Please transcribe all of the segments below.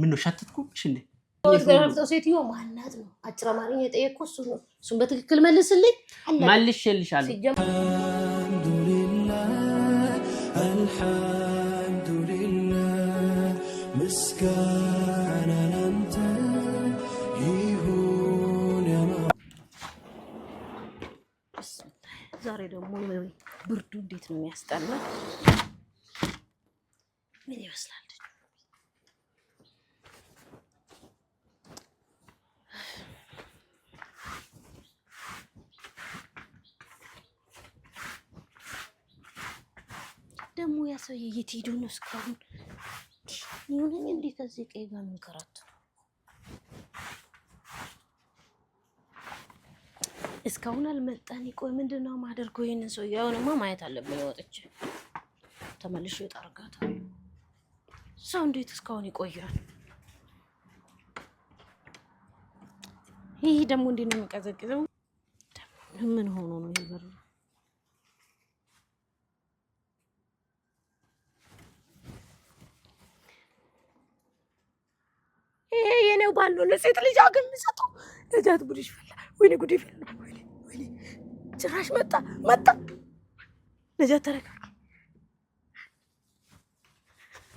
ምን ነው ሻተትኩብሽ እንዴ? ሴትዮ ማናት ነው? አጭር አማርኛ የጠየቅኩት እሱ ነው። እሱን በትክክል መልስልኝ። መልሼልሻለሁ። አልሐምዱሊላህ ዛሬ ደግሞ ብርዱ እንዴት ነው የሚያስጠላ! ምን ይመስላል? ሰውዬ የት ሄዱ ነው እስካሁን? ይሁንን እንዴት እዚህ ቀይ ጋር መንከራት እስካሁን አልመጣን። ቆይ ምንድን ነው ማደርገው? ይህንን ሰውዬ አሁንማ ማየት አለብን። ወጥቼ ተመልሼ እጠርጋታለሁ። ሰው እንዴት እስካሁን ይቆያል? ይህ ደግሞ እንዴት ነው የሚቀዘቅዘው? ምን ሆኖ ነው ይበሩ ነው ባለው ለሴት ልጅ አገር የሚሰጠው ነጃት ጉድሽ ፈላ። ወይኔ ጉድ ፈላ። ወይኔ ወይኔ ጭራሽ መጣ መጣ። ነጃት ተረጋጋ።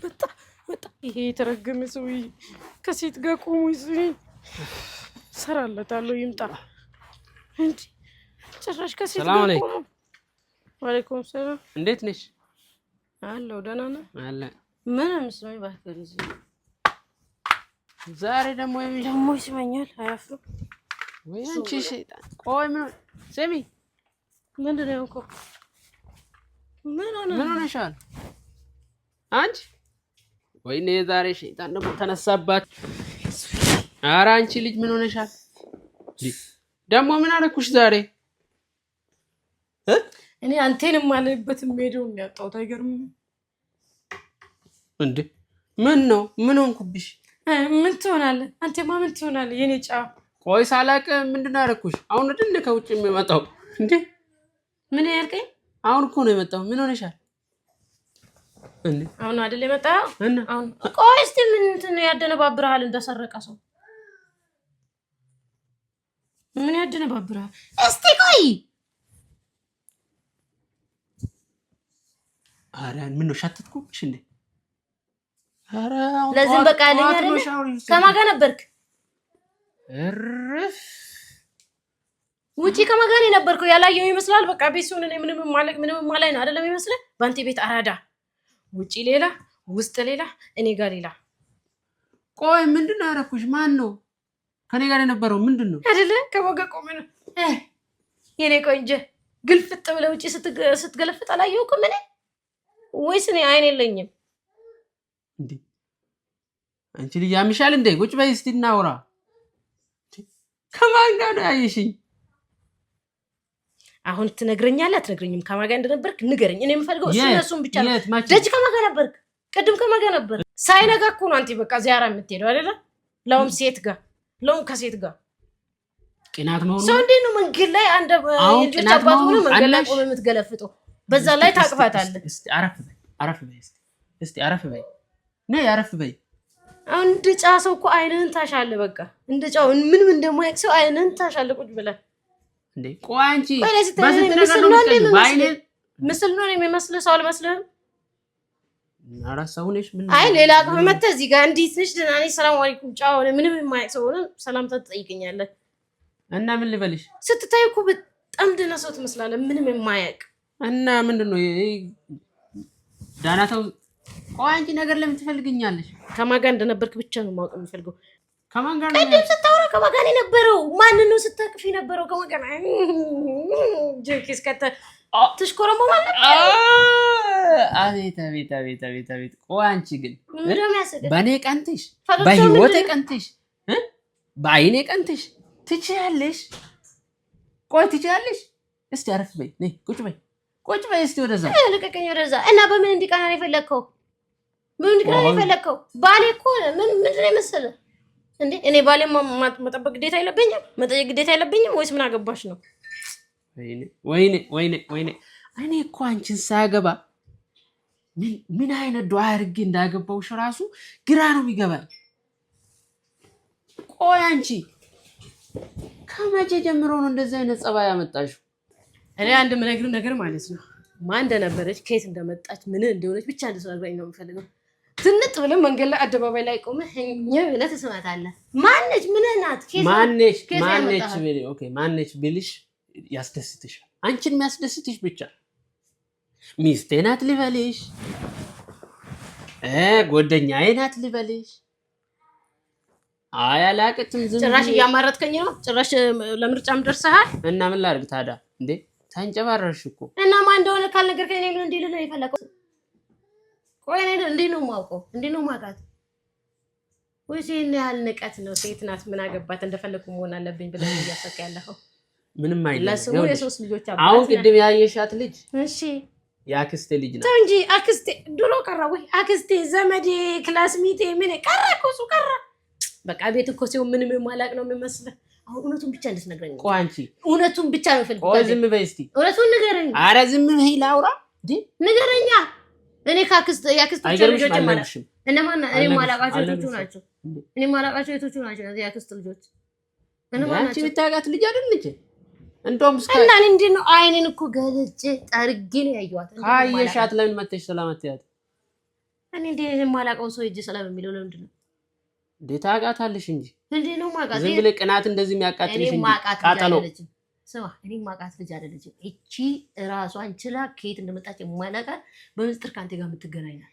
መጣ መጣ። ይሄ የተረገመ ሰውዬ ከሴት ጋር ቆሞ ይዙ ሰራለታለሁ። ይምጣ እንጂ ጭራሽ ከሴት ጋር ቆሞ። ዋሌኩም ሰላም። እንዴት ነሽ? አለው ደህና ነህ? አለ ምን ምስሎኝ ባትገር ዛሬ ደግሞ ደግሞ ይስመኛል። አያፍሩ ወይ አንቺ ሰይጣን! ቆይ ምን ስሚ፣ ምንድን ነው እኮ ምን ሆነሻል አንቺ? ወይኔ ዛሬ ሰይጣን ደግሞ ተነሳባት። ኧረ አንቺ ልጅ ምን ሆነሻል? ደግሞ ምን አደረኩሽ ዛሬ? እኔ አንቴን ማለበት ሄደው የሚያጣው አይገርምም እንዴ? ምን ነው ምን ሆንኩብሽ? ምን ትሆናለህ አንተማ? ምን ትሆናለህ የኔ ጫ ቆይ ሳላቅ ምንድን ነው አሁን ድን ከውጭ የሚመጣው እንዴ? ምን ያልቀኝ? አሁን እኮ ነው የመጣው። ምን ሆነሻል? አሁን አደል የመጣው? አሁን ቆይ እስኪ ምንትን እንትን ያደነባብርሃል? እንደሰረቀ ሰው ምን ያደነባብርሃል? እስቲ ቆይ አሪያን ምን ነው ሻተትኩብሽ እንዴ? ለዚህም በቃ ያለኝ አይደለ። ነበርክ? እርፍ ውጪ። ከማን ጋር የነበርከው ያላየው ይመስላል። በቃ ቤት ሲሆን እኔ ምንም ማለቅ ምንም ማላይ ነው አይደለም ይመስላል። በአንተ ቤት አራዳ፣ ውጪ ሌላ፣ ውስጥ ሌላ፣ እኔ ጋር ሌላ። ቆይ ምንድን ነው ያደረኩሽ? ማን ነው ከኔ ጋር የነበረው? ምንድን ነው አይደለ? ከሞገ ቆመ ነው የኔ ቆንጆ ግልፍጥ ብለህ ውጪ ስትገለፍጥ አላየውኩም እኔ። ወይስ እኔ አይን የለኝም? አንቺ ልጅ ያምሻል እንዴ? ቁጭ በይ እስቲ እናውራ። ከማን ጋር ነው ያየሽኝ? አሁን ትነግረኛለህ አትነግረኝም? ከማን ጋር እንደነበርክ ንገረኝ። እኔ የምፈልገው እሱን ብቻ ነው። ደጅ ከማን ጋር ነበርክ? ቅድም ከማን ጋር ነበር? ሳይነጋ እኮ ነው አንተ በቃ ዚያራ የምትሄደው አይደለ? ለውም ሴት ጋር ለውም ከሴት ጋር ቅናት መሆኑ ሰው እንዴት ነው መንገድ ላይ አንድ ልጆች አባት ሆኖ መንገድ ላይ ቆመ የምትገለፍጠው በዛ ላይ ታቅፋታለህ። እስቲ አረፍ በይ፣ አረፍ በይ፣ እስቲ አረፍ በይ፣ ነይ አረፍ በይ አሁን እንደ ጫ ሰው እኮ አይንህን ታሻለ። በቃ እንደ ጫው ምንም እንደማያውቅ ሰው አይንህን ታሻለ። ቁጭ ብለህ እንዴ ቆይ፣ አንቺ ምስል ነው የሚመስልህ ሰው አልመስልህም። አራት ሰው ምን አይ ሌላ ጋር መተህ እዚህ ጋር እንዴት ነሽ? ደህና ነኝ፣ ሰላም አለይኩም። ጫው ነው ምንም የማያውቅ ሰው ሆነ ሰላምታ ትጠይቀኛለህ። እና ምን ልበልሽ? ስትታይ እኮ በጣም ደህና ሰው ትመስላለህ፣ ምንም የማያውቅ እና ምንድን ነው ዳና ተው ቆይ አንቺ ነገር ለምን ትፈልግኛለሽ? ከማን ጋር እንደነበርክ ብቻ ነው ማወቅ የሚፈልገው። ከማን ጋር ነው? ቅድም ስታወራ ከማን ጋር የነበረው? ማን ነው ስታቅፍ የነበረው? ከማን ጋር ጅርኪስ ከተ ትሽኮረመማ አቤት አቤት አቤት አቤት አቤት። ቆይ አንቺ ግን በእኔ ቀንትሽ በህይወቴ ቀንትሽ በአይኔ ቀንተሽ ትችያለሽ። ቆይ ትችያለሽ። እስቲ አረፍ በይ፣ ቁጭ በይ፣ ቁጭ በይ እስቲ ወደዛ ልቀቀኝ፣ ወደዛ እና በምን እንዲቀና ነው የፈለግከው? ምንድን ነው የፈለከው? ባሌ እኮ ምንድን ነው እንዴ? እኔ ባሌ መጠበቅ ግዴታ አይለብኝም? መጠየቅ ግዴታ አይለብኝም ወይስ ምን አገባሽ ነው? ወይኔ ወይኔ ወይኔ! እኔ እኮ አንቺን ሳያገባ ምን አይነት ዱዓ አድርጌ እንዳገባውሽ ራሱ ግራ ነው የሚገባኝ። ቆይ አንቺ ከመቼ ጀምሮ ነው እንደዚህ አይነት ጸባይ ያመጣሽው? እኔ አንድ የምነግርህ ነገር ማለት ነው ማን እንደነበረች ከየት እንደመጣች ምን እንደሆነች ብቻ እንድትነግረኝ ነው የምፈልገው። ትንጥ ብለን መንገድ ላይ አደባባይ ላይ ቆመህ እኛ ብለህ ትስማታለህ። ማነች ምን ናት? ማነች ማነች ማነች ብልሽ ያስደስትሻል። አንቺን የሚያስደስትሽ ብቻ ሚስቴ ናት ልበልሽ፣ ጎደኛዬ ናት ልበልሽ። አይ አላቅትም። ዝም ጭራሽ እያማረጥከኝ ነው። ጭራሽ ለምርጫም ደርሰሃል። እና ምን ላድርግ ታዲያ? እንዴ ተንጨባረርሽ እኮ እና ማን እንደሆነ ካልነገርከኝ ምን እንዲልህ ነው የፈለከው? ቆይ እኔ እንዲህ ነው የማውቀው፣ እንዲህ ነው የማውቃት። ወይስ ይሄን ያህል ንቀት ነው? ሴት ናት፣ ምን አገባት፣ እንደፈለኩ መሆን አለብኝ ብለህ እያሰብክ ያለኸው ምንም አይደለም። ለስሙ የሶስት ልጆች አባት። አሁን ቅድም ያየሻት ልጅ እሺ፣ የአክስቴ ልጅ ናት እንጂ አክስቴ ድሮ ቀራ ወይ አክስቴ፣ ዘመዴ፣ ክላስሚቴ ምን ቀራ እኮ እሱ ቀራ። በቃ ቤት እኮ ሲሆን ምንም የማላቅ ነው የሚመስለ አሁን እውነቱን ብቻ እንድትነግረኝ ነው። አንቺ እውነቱን ብቻ ነው ፈልግ። ዝም በይ እስኪ፣ እውነቱን ንገረኝ። ኧረ ዝም በይ ላውራ፣ ንገረኛ እኔ ካክስት ያክስት ልጆች ማለት እነማን እኔ ማላቃቸው የቶቹ ናቸው? እኔ ማላቃቸው የቶቹ ናቸው? ያክስት ልጆች አንቺ የምታውቃት ልጅ አይደል ልጅ እንደውም እና እንዲህ ነው። አይኔን እኮ ገልጬ ጠርጌ ነው ያየኋት። ካየሻት ለምን መተሽ ሰላም አትያት? እኔ እንዴ የማላውቀው ሰው እጅ ሰላም የሚለው ለምንድን ነው? እንዴት ታውቃታለሽ እንጂ እንዴ ነው ማውቃት። ዝም ብለህ ቅናት እንደዚህ የሚያቃጥልሽ እንጂ ቃጠለው ስማ እኔ ማቃት ልጅ አይደለችም እቺ። ራሷን ችላ ከየት እንደመጣች የማናውቃት በምስጥር ከአንተ ጋር የምትገናኛል።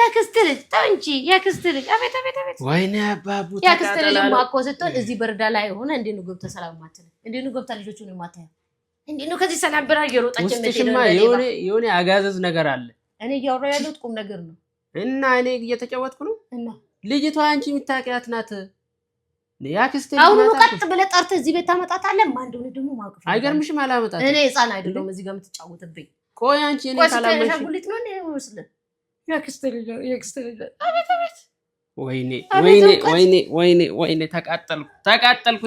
ያክስት ልጅ ተው እንጂ ያክስት ልጅ። አቤት አቤት አቤት! ወይኔ አባቡ ያክስት ልጅ ማኮ ስትሆን እዚህ በረዳ ላይ ሆነ እንዴ ነው ገብታ ሰላም ማትል እንዴ ነው ገብታ ልጆቹ ነው ማታየው እንዴ ነው ከዚህ ሰላም ብራ እየሮጣች ምትሽማ የሆነ የሆነ አጋዘዝ ነገር አለ። እኔ እያወራሁ ያለሁት ቁም ነገር ነው። እና እኔ እየተጫወትኩ ነው። እና ልጅቷ አንቺ የምታውቂያት ናት አሁኑ ቀጥ ብለህ ጠርተህ እዚህ ቤት ታመጣታለህ። ማን እንደሆነ ደግሞ ማወቅ አይገርምሽም? አላመጣትም። እኔ ሕፃን አይደለሁም እዚህ ጋር የምትጫወትብኝ። ቆይ አንቺ እኔ ካላመንሽ አሻንጉሊት ነው ይመስለን። ወይኔ ወይኔ ወይኔ ወይኔ! ተቃጠልኩ ተቃጠልኩ።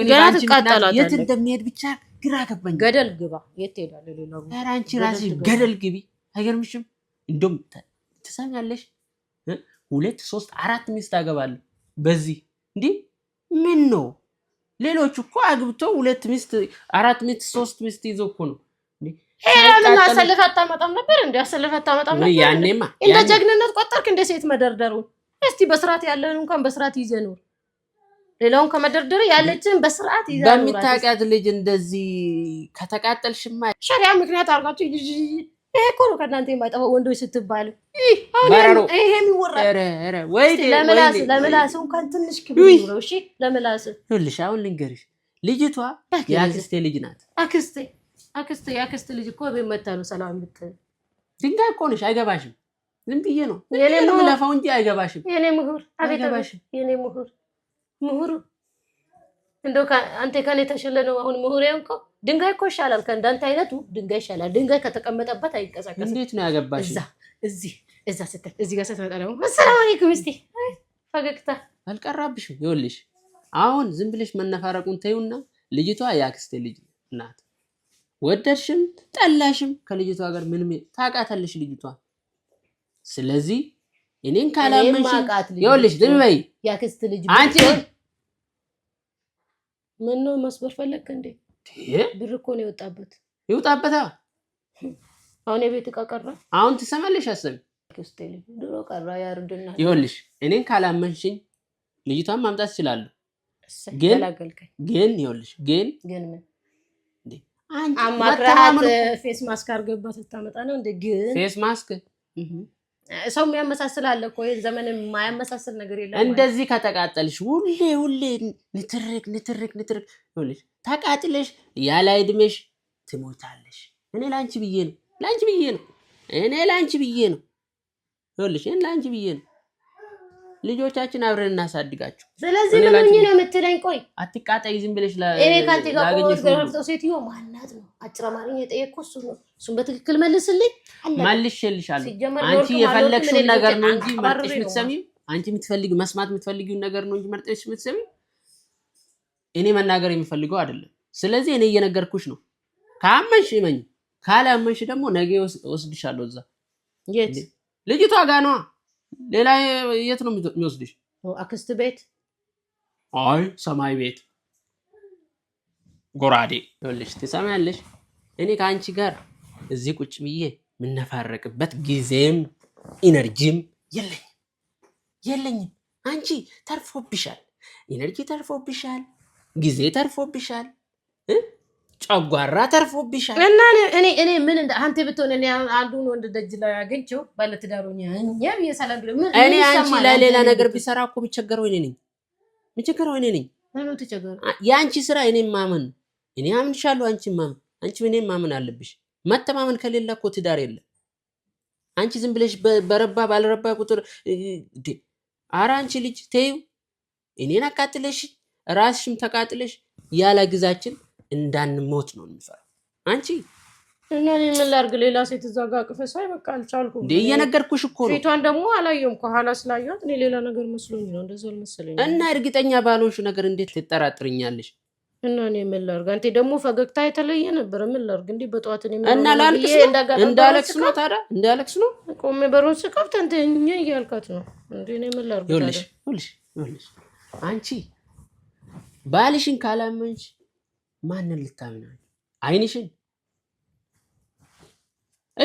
የት እንደሚሄድ ብቻ ግራ ገባኝ። ገደል ግባ። የት ትሄዳለህ? ሌላ አንቺ ራስሽ ገደል ግቢ። አይገርምሽም? እንደውም ትሰሚያለሽ፣ ሁለት ሶስት አራት ሚስት አገባለሁ በዚህ እንዲህ ምን ነው? ሌሎች እኮ አግብቶ ሁለት ሚስት፣ አራት ሚስት፣ ሶስት ሚስት ይዞ እኮ ነው። ምን አሰልፈህ አታመጣም ነበር? እንደ አሰልፈህ አታመጣም ነበር? ያኔማ እንደ ጀግንነት ቆጠርክ፣ እንደ ሴት መደርደሩ። እስቲ በስርዓት ያለን እንኳን በስርዓት ይዘ ኖር። ሌላውን ከመደርደር ያለችን በስርዓት ይዘህ ኖር። በምታውቂያት ልጅ እንደዚህ ከተቃጠልሽማ ሸሪያ ምክንያት አድርጋችሁ ይሄ እኮ ነው ከእናንተ የማይጠፋው ወንዶች ስትባሉ ይሄ የሚወራል። ለምላስ ለምላስ እንኳን ትንሽ ክብር ነው። እሺ ለምላስ ሁልሽ አሁን ልንገርሽ፣ ልጅቷ የአክስቴ ልጅ ናት። አክስቴ አክስቴ የአክስቴ ልጅ እኮ ቤት መታ ነው ሰላም የምትል ድንጋይ እኮ ነሽ። አይገባሽም። ዝም ብዬ ነው ለፋው እንጂ አይገባሽም። የኔ ምሁር አቤት፣ የኔ ምሁር ምሁሩ እንደው አንተ ከኔ ተሽለ ነው አሁን ምሁሬ እኮ ድንጋይ እኮ ይሻላል። ከእንዳንተ አይነቱ ድንጋይ ይሻላል። ድንጋይ ከተቀመጠበት አይንቀሳቀስም። እንዴት ነው ያገባሽ? እዛ እዚህ እዛ ስትል እዚህ ጋር ስትመጣ ደግሞ አሰላሙ አለይኩም እስቲ ፈገግታ አልቀራብሽም። ይኸውልሽ አሁን ዝም ብለሽ መነፋረቁን ተይውና ልጅቷ የአክስቴ ልጅ ናት። ወደድሽም ጠላሽም ከልጅቷ ጋር ምንም ታውቃታለሽ ልጅቷ። ስለዚህ እኔን ካላመንሽ ይኸውልሽ ዝም በይ ያክስት ልጅ አንቺ ምን ነው መስበር ፈለግክ እንዴ? ብር እኮ ነው የወጣበት። ይውጣበታ። አሁን የቤት እቃ ቀራ። አሁን ትሰማለሽ። አሰብ ድሮ ቀራ ያርድና ይኸውልሽ፣ እኔን ካላመንሽኝ ልጅቷን ማምጣት ይችላሉ። ግን ግን ይኸውልሽ ግን ግን ምን አማክራት ፌስ ማስክ አድርገባት ታመጣ ነው እንደ ግን ፌስ ማስክ ሰው የሚያመሳስል አለ እኮ ይሄን ዘመን የማያመሳስል ነገር የለም። እንደዚህ ከተቃጠልሽ ሁሌ ሁሌ ንትርክ ንትርክ ንትርክ ሁልሽ ተቃጥለሽ ያለ እድሜሽ ትሞታለሽ። እኔ ላንቺ ብዬ ነው ላንቺ ብዬ ነው እኔ ላንቺ ብዬ ነው ሁልሽ እኔ ላንቺ ብዬ ነው። ልጆቻችን አብረን እናሳድጋቸው። ስለዚህ ምንኝ ነው የምትለኝ? ቆይ አትቃጠይ ዝም ብለሽ ላ እኔ ጋር ሴትዮ ማናት ነው አጭር አማርኛ የጠየቅኩህ እሱ ነው። እሱን በትክክል መልስልኝ። መልሼልሻለሁ። አንቺ የፈለግሽውን ነገር ነው እንጂ መርጠሽ የምትሰሚው አንቺ የምትፈልጊው መስማት የምትፈልጊውን ነገር ነው እንጂ መርጠሽ የምትሰሚው እኔ መናገር የምፈልገው አይደለም። ስለዚህ እኔ እየነገርኩሽ ነው። ካመንሽ እመኝ፣ ካላመንሽ ደግሞ ነገ ወስድሻለሁ። እዛ ልጅቷ ጋ ነዋ። ሌላ የት ነው የሚወስድሽ? አክስት ቤት? አይ ሰማይ ቤት ጎራዴ ልሽ ትሰሚያለሽ፣ እኔ ከአንቺ ጋር እዚህ ቁጭ ብዬ የምነፋረቅበት ጊዜም ኢነርጂም የለኝም የለኝም። አንቺ ተርፎብሻል፣ ኢነርጂ ተርፎብሻል፣ ጊዜ ተርፎብሻል፣ ጨጓራ ተርፎብሻል። እና እኔ እኔ ምን እንደ አንተ ብትሆን እኔ አንዱን ወንድ ደጅ ላይ አገኘው ባለትዳሩኛ እኛ ብዬ ሰላም ብሎ ምን እኔ አንቺ ለሌላ ነገር ቢሰራ እኮ የሚቸገረው እኔ ነኝ፣ የሚቸገረው እኔ ነኝ። የአንቺ ስራ እኔ ማመን ነው እኔ አምንሻለሁ። አንቺ ማም አንቺ እኔም ማመን አለብሽ። መተማመን ከሌለ እኮ ትዳር የለም። አንቺ ዝም ብለሽ በረባ ባልረባ ቁጥር አረ አንቺ ልጅ ተይው፣ እኔን አቃጥለሽ ራስሽም ተቃጥለሽ ያለ ግዛችን እንዳንሞት ነው የሚፈራ አንቺ እና እኔ ምን ላድርግ? ሌላ ሴት እዛ ጋር ቅፈሳ በቃ አልቻልኩም። እንደ እየነገርኩሽ እኮ ነው። ፊቷን ደግሞ አላየሁም። ከኋላ ስላየኋት እኔ ሌላ ነገር መስሎኝ ነው። እንደዛ አልመሰለኝም። እና እርግጠኛ ባልሆንሽ ነገር እንዴት ትጠራጥርኛለሽ? እና እኔ ምን ላድርግ? አንተ ደግሞ ፈገግታ የተለየ ነበረ። ምን ላድርግ? እንዲህ በጠዋት እኔ እና ላልቅስ ነው እንዳለቅስ ነው ታዲያ እንዳለቅስ ነው ቆሜ በሩን ስከፍት አንተ እኛ እያልካት ነው እንዴ? እኔ ምን ላድርግ? ይኸውልሽ ይኸውልሽ ይኸውልሽ አንቺ ባልሽን ካላመንሽ ማንን ልታምናል? አይንሽን።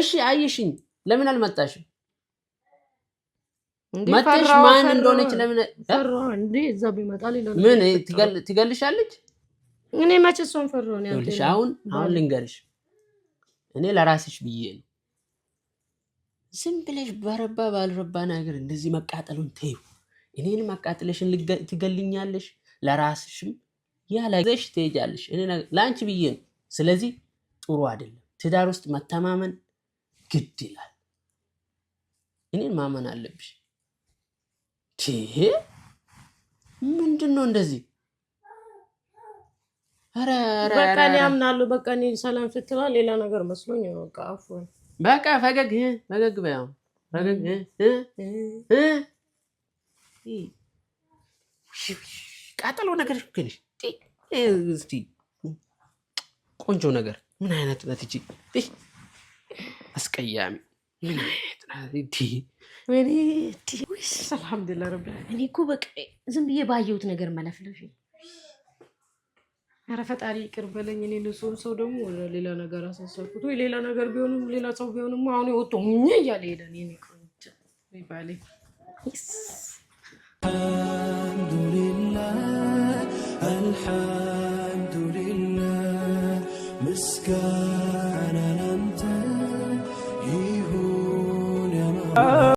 እሺ አየሽኝ፣ ለምን አልመጣሽም? መተሽ ማን እንደሆነች ለምን እንዴ እዛ ቢመጣ ምን ትገልሻለች? እኔ መቼ እሱን ፈሮ ነው ያልሽ? አሁን አሁን ልንገርሽ፣ እኔ ለራስሽ ብዬ ነው። ዝም ብለሽ በረባ ባልረባ ነገር እንደዚህ መቃጠሉን ተይው። እኔን አቃጥለሽን ትገልኛለሽ፣ ለራስሽም ያለሽ ትሄጃለሽ። ለአንቺ ብዬ ነው። ስለዚህ ጥሩ አይደለም። ትዳር ውስጥ መተማመን ግድ ይላል። እኔን ማመን አለብሽ። ምንድን ነው እንደዚህ በቃ እኔ በቃ ሰላም ስትላ ሌላ ነገር መስሎኝ በቃ አፉን በቃ ፈገግ ፈገግ በያው ፈገግ ነገር ግን ቆንጆ ነገር ምን አይነት ነት እቺ አስቀያሚ ምን አይነት ናት? ሰላም ድለርብ እኔ እኮ በቃ ዝም ብዬ ባየሁት ነገር መለፍለሽ ኧረ ፈጣሪ ይቅር በለኝ። እኔ ለሰው ሰው ደግሞ ሌላ ነገር አሳሰብኩት ወይ ሌላ ነገር ቢሆንም ሌላ ሰው ቢሆንም አሁን የወጡ ሙኝ እያለ ሄደን ኔ ባሌ አልሐምዱሊላህ